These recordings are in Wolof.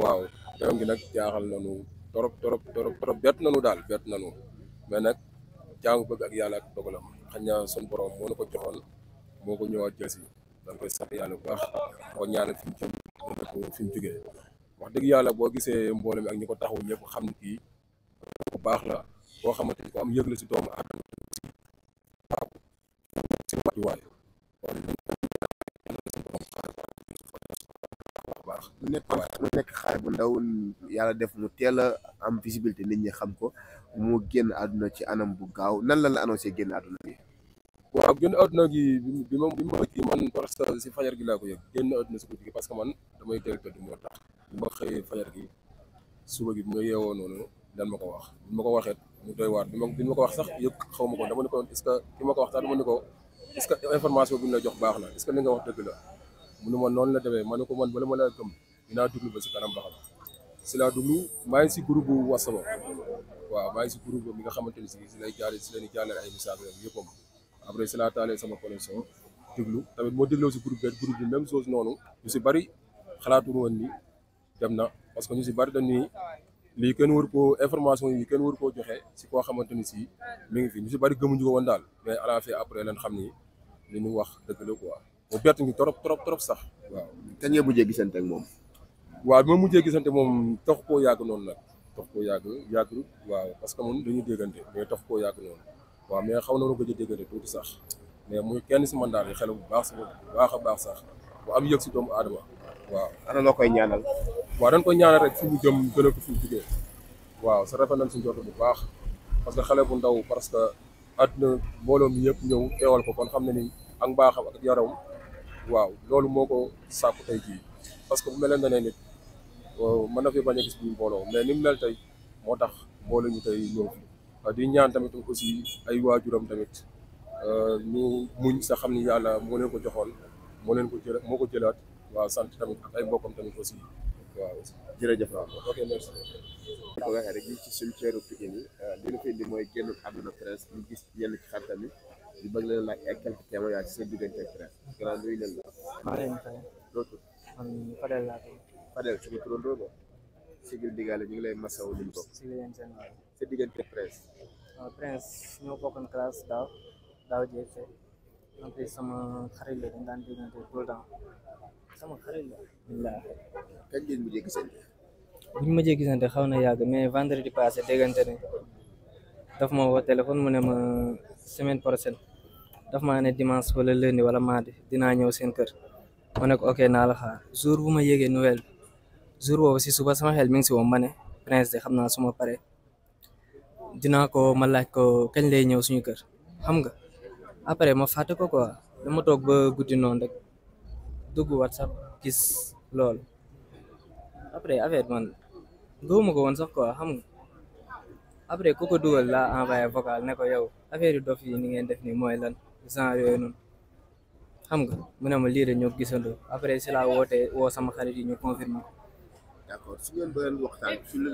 waaw xew gi nag jaaxal nañu torop torop torop torop bett nañu daal bett nañu mais nag jaamu bëgg ak yàlla ak dogalam xañ na suñu borom moo na ko joxoon moo ko ñëwaat jël si dañ koy sant yàlla bu baax ko ñaanal fi mu wax dëgg yàlla boo gisee mbooloo mi ak ñu ko taxaw ñëpp xam ni kii bu baax la koo xamante ni ko am yëg la si doomu aadama si waaw mu nekk mu nekk xaar bu ndaw yàlla def mu teel a am visibilité nit ñi xam ko mu génn àdduna ci anam bu gaaw nan lan la annoncé génn àdduna bi waaw génn àdduna gi bi ma bi ma kii man parce si fajar gi laa ko yëg génn àdduna si guddi gi parce que man damay teel tëdd moo tax bi xëyee fajar gi suba gi bi ma yeewoo noonu dan ma ko wax bi ma ko waxee mu doy waar bi ma ko wax sax yëg xaw ma ko dama ne ko est ce que bi ma ko wax sax dama ne ko est ce information bi ñu la jox baax na est que li nga wax dëgg la mu ma noonu la demee ma ne ko man bala ma la gëm dinaa duglu ba si kanam ba xam si laa duglu maa ngi si groupe bu wasaba waaw maa ngi si groupe bi nga xamante ni si si lay jaale si leen jaaleel ay message rek yëppam après si laa taalee sama connexion déglu tamit moo dégloo si groupe bi groupe bi même chose noonu ñu si bëri xalaatuñu woon ni dem na parce que ñu si bëri dañ ni lii kenn war koo information yi war koo joxe si koo xamante ni si mi ngi fi ñu si bëri gëmuñu ko woon daal mais à la fin après lañ xam ni li ñu wax dëgg ko quoi mu bett ñu trop trop sax waaw. kañ bu mujjee gisante ak moom. waaw bi ma mujjee gisante moom tax koo yàgg noonu nag tax ko yàgg yàggul waaw parce que moom dañuy déggante mais tax koo yàgg noonu waaw mais xaw na ko gëj déggante tuuti sax mais muy kenn si mandaar yi xel bu baax si baax a baax sax bu am yëg si doomu aadama waaw. ana loo koy ñaanal. waaw dañ koy ñaanal rek fu mu jëm gën a ko fi jugee waaw sa rafet nañ si njort bu baax parce que xale bu ndaw parce que àdduna mbooloo mi yëpp ñëw teewal ko kon xam ne ni ak mbaaxam ak yaram waaw loolu moo ko sàkku tey jii parce que bu mel ne nit. mën na fi bañ a gis bu mbooloo mais ni mu mel tey moo tax mbooloo ñu tey ñëw di ñaan tamit aussi ay waajuram tamit euh, ñu muñ sax xam ni yàlla moo leen ko joxoon moo leen ko jëla moo ko jëlaat waa sant tamit ay mbokkam tamit aussi waaw jërëjëf waaw ok merci. ko waxee rek ci suñu euh, fi indi mooy génn àdduna presse ñu gis yenn ci xaritam yi di bëgg leen laaj ay quelques témoignages ci seen diggante presse. gannaaw nuyu leen la. maa ngi leen di fay. Fadel suñu turandoo ba Sigil Digaale ñu ngi lay masawu li mu toog. Sigil yéen seen wàll. sa diggante Prince. waaw Prince ñoo bokkoon classe daaw daaw jéeg fee en plus sama xarit la dañ daan diggante tout le temps sama xarit la. alhamdulilah. kañ ngeen mujjee gisante. buñ mujjee gisante xaw na yàgg mais vendredi passé déggante ne daf ma woo téléphone mu ne ma semaine prochaine daf maa ne dimanche wala lundi wala mardi dinaa ñëw seen kër ma ne ko ok naa la xaar jour bu ma yëgee nouvelle bi. jour boobu si suba sama xel mi ngi si woon ma ne prince de xam naa suma pare dinaa ko ma laaj ko kañ lay ñëw suñu kër xam nga après ma fàtte ko quoi ma toog ba guddi noonu rek dugg whatsapp gis lool après affaire man gëwuma ko woon sax quoi xam nga après ku ko dugal laa envoyé vocal ne ko yow affaire yu dof yi ni ngeen def ni mooy lan genre yooyu noonu xam nga mu ne ma lii rek ñoo gisandoo après si laa wootee woo sama xarit yi ñu confirmer d' accord su ngeen doon waxtaan ci lu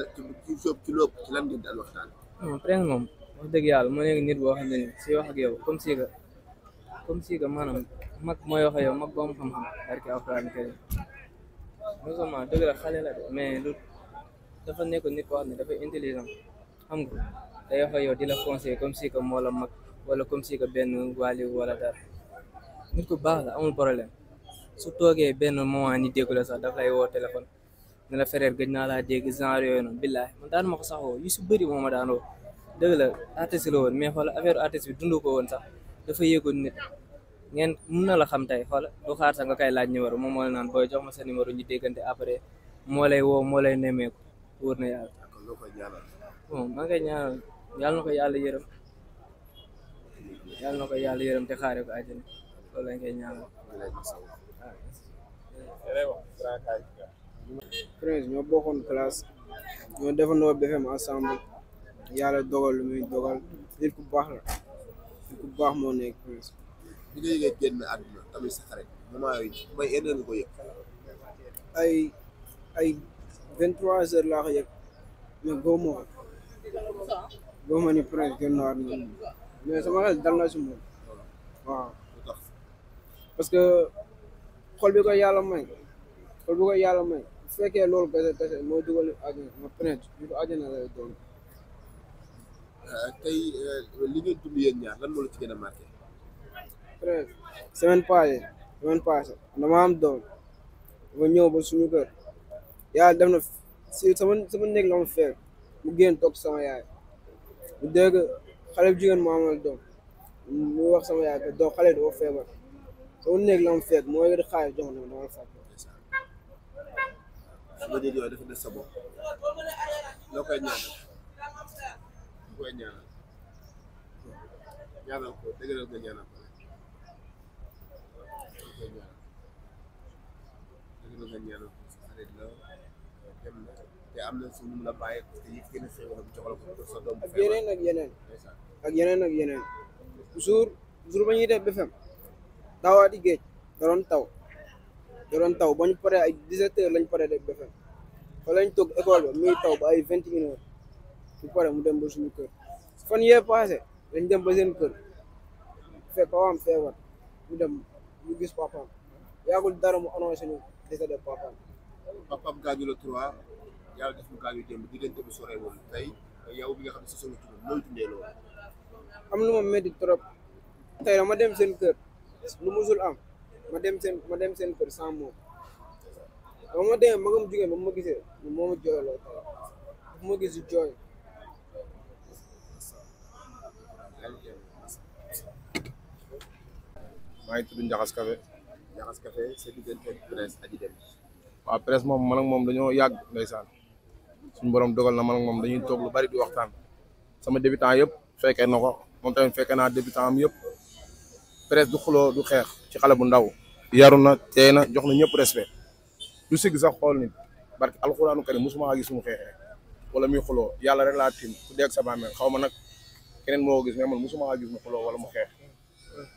ci soob ci lépp ci lan ngeen daan waxtaan. non Prince moom wax dëgg yàlla mu nekk nit boo xam ne nii suy wax ak yow comme si que comme si que maanaam mag mooy wax ak yow mag boo am xam-xam barke alxuraan karim non seulement dëgg la xale la de mais lu dafa nekk nit koo xam ne dafa intelligent xam nga day wax ak yow di la conseiller comme si que moo la mag wala comme si que benn wàllu wala dara nit ku baax la amul problème su toogee benn moment ni déglu la sax daf lay woo téléphone. ne Fereer gëj naa laa dégg genre yooyu noonu billaay man daan ma ko saxoo yu si bëri moo ma daan woo dëgg la artiste la woon mais xoola affaire artiste bi dund ko woon sax dafa yéegoon nit ngeen mun na la xam tey xoola du xaar sax nga koy laaj numéro moom moo la naan booy jox ma sa numéro ñu déggante après moo lay woo moo lay nemmeeku wóor na yàlla. bon maa ngi koy ñaanal yàlla ko yàlla yërëm yàlla na ko yàlla yërëm te xaare ko àjjana loolu lañ koy ñaanal. Prince ñoo bokkoon classe ñoo defandoo BFEM ensemble yàlla dogal lu muy dogal nit ku baax la ku baax moo ne Prince. bi nga yëgee génn àdduna ay ay vingt trois heures laa ko yëg mais góob moo ni Prince génn na àdduna mais sama xel dal na si parce que xol bi ko yàlla may xol bi ko may. su fekkee loolu kese kese moo dugal àjjana ma print ñu ko àjjana lay doon. Euh, tey euh, ci gën a marqué. print semaine passée semaine passée dama am doom ma ñëw ba suñu kër yàlla def na sama sama néeg la ma fekk mu génn toog sama yaay mu dégg xale bu jigéen mu amal doom mu wax sama yaay ko doom xale dafa feebar sama néeg la fekk moo yëg xaalis jox na ma dama la fàtte ba nit yooyu dafa des sa bopp loo koy ñaanal loo koy ñaanal ñaanal ko dëgëral nga ñaanal ko rek loo koy ñaanal dëgëral nga ñaanal ko sa xarit la dem na te am na fu mu la bàyyi parce que yëkkëna sa wala jox la ko sa doom ak yeneen ak yeneen ak yeneen ak yeneen jour jour ba ñuy def BFEM daawaati géej da doon taw da taw ba ñu paree ay 17 heures lañ paree def BFEM fa lañ toog école ba muy taw ba ay 21 heures ñu pare mu dem ba suñu kër fan yee passé dañ dem ba seen kër fekk papaam feebar ñu dem ñu gis papaam yaagul dara mu annoncé ñu décédé papaam. papaam gaañu la trois yàlla def mu gaañu démb diggante bu soree woon tey yow bi nga xam ne si sunu tur mooy dundee loolu. am lu ma métti trop tey ma dem seen kër lu musul am. ma dem seen ma dem seen kër sans moom ma demee jigéen ma gisee moo ma ma gis jooy maa ngi tudd Njaxas Kafe Njaxas Kafe sa diggante presse Adji moom man moom dañoo yàgg ndeysaan suñu borom dogal na man moom dañuy toog lu bari du waxtaan sama débutant yëpp fekkee na ko moom tamit fekkee naa débutant am yëpp presse du xuloo du xeex ci xale bu ndaw yaru na teey na jox na ñëpp respect du sigg sax xool nit barke alxuraanu karim musuma gis mu xeexee wala muy xuloo yàlla rek laa tiim ku dégg sa bàmmeel xaw ma nag keneen moo gis mais man musuma gis mu xuloo wala mu xeex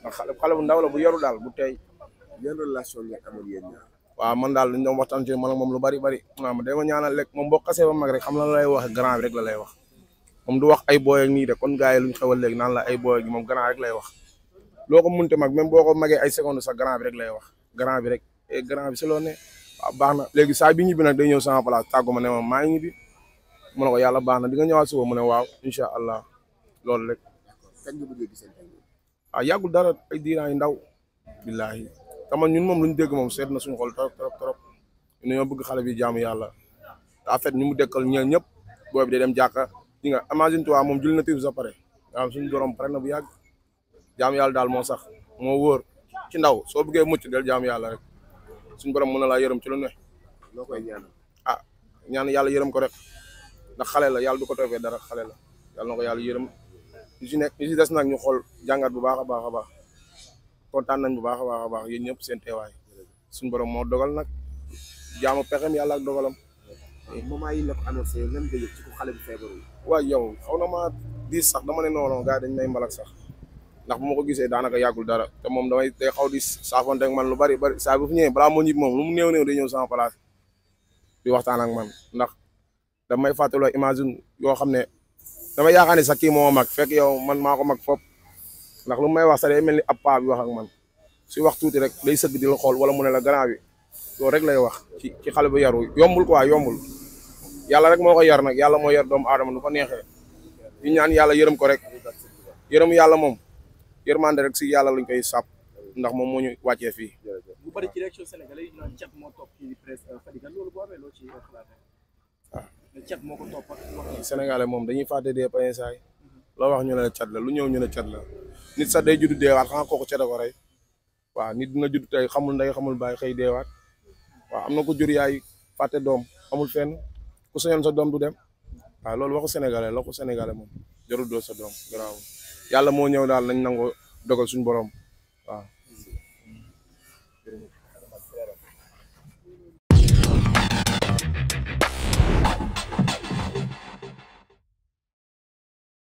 ndax xale xale bu ndaw la bu yaru daal bu teey yan relation ngeen amoon yéen ñaar lu bari bari maanaam day ma ñaanal rek moom boo xasee ba mag rek xam la lay wax grand bi rek la lay wax moom du wax ay booy ak nii de kon gars yi luñ xewal léegi naan la ay booy ak moom grand rek lay wax loo ko munte mag même boo ko magee ay secondes sa grand bi rek lay wax grand bi rek e grand bi si loo ne waaw ah, baax na léegi saa bi ñibbi nag day ñëw sama place tàggu ma ne ma maa ngi ñibbi mu ne ko yàlla baax na di nga ñëwaat suba mu ne waaw incha allah loolu rek a ah, yàggul dara ay diiraan yu ndaw billaahi taman ñun moom lu ñu dégg moom seet na suñu xol trop trop trop ñu ñoo bëgg xale bi jaamu yàlla en fait ñu mu dekkal ñeel ñëpp booy bi day dem jàkka ñi nga imagine toi moom jul na tiif sa pare waaw suñu borom pare na bu yàgg jaamu yàlla daal moo sax moo woor ci ndaw soo bëggee mucc del jaam yàlla rek suñu borom mën na laa yërëm ci lu loo koy ñaan ah ñaan yàlla yërëm ko rek ndax xale la yàlla du ko toppee dara xale la yàlla na ko yàlla yërëm ñu si nekk ñu des nag ñu xool jàngat bu baax a baax a baax kontaan nañ bu baax a baax a baax yéen ñëpp seen teewaay suñu borom moo dogal nag jaamu pexem yàlla ak dogalam. moment yi la ko annoncé xale bu feebarul. waaw yow xaw na maa diis sax dama ne noonu gars dañ may mbalak sax. ndax bu ma ko gisee daanaka yàggul dara te moom damay day xaw di saafonte ak man lu bari bari saa bu fi ñëwee moo moom lu mu néew néew day ñëw sama place di waxtaan ak man ndax damay fàttaloo imagine yoo xam ne damay yaakaar ne sax kii moo mag fekk yow man maa ko mag fop ndax lu may wax sax day mel ni ab paa bi wax ak man si wax tuuti rek day sëgg di la xool wala mu ne la grand bi loolu rek lay wax ci ci xale bu yaru yombul quoi yombul yàlla rek moo ko yar nag yàlla moo yar doomu aadama nu ko neexee ñu ñaan yàlla yërëm ko rek yàlla moom yërmande rek si yàlla lañ koy sàpp ndax moom moo ñu wàccee fii. bu bari ci réaction sénégalais yi ñu naan moo topp ci euh, ah. moom dañuy fàtte dee painsaay mhm. loo wax ñu ne la cat la lu ñëw ñu ne cat la nit sax day judd deewaat xanaa kooku cat a ko rey waaw nit dina judd tey xamul ndey xamul bàyyi xëy deewaat waaw am na ko jur yaay fàtte doom xamul fenn ku sañoon sa doom du dem waa loolu waxu sénégalais la waxu sénégalais moom jarul doo sa doom garaaw yàlla moo ñëw daal nañ nangoo dogal suñu borom waaw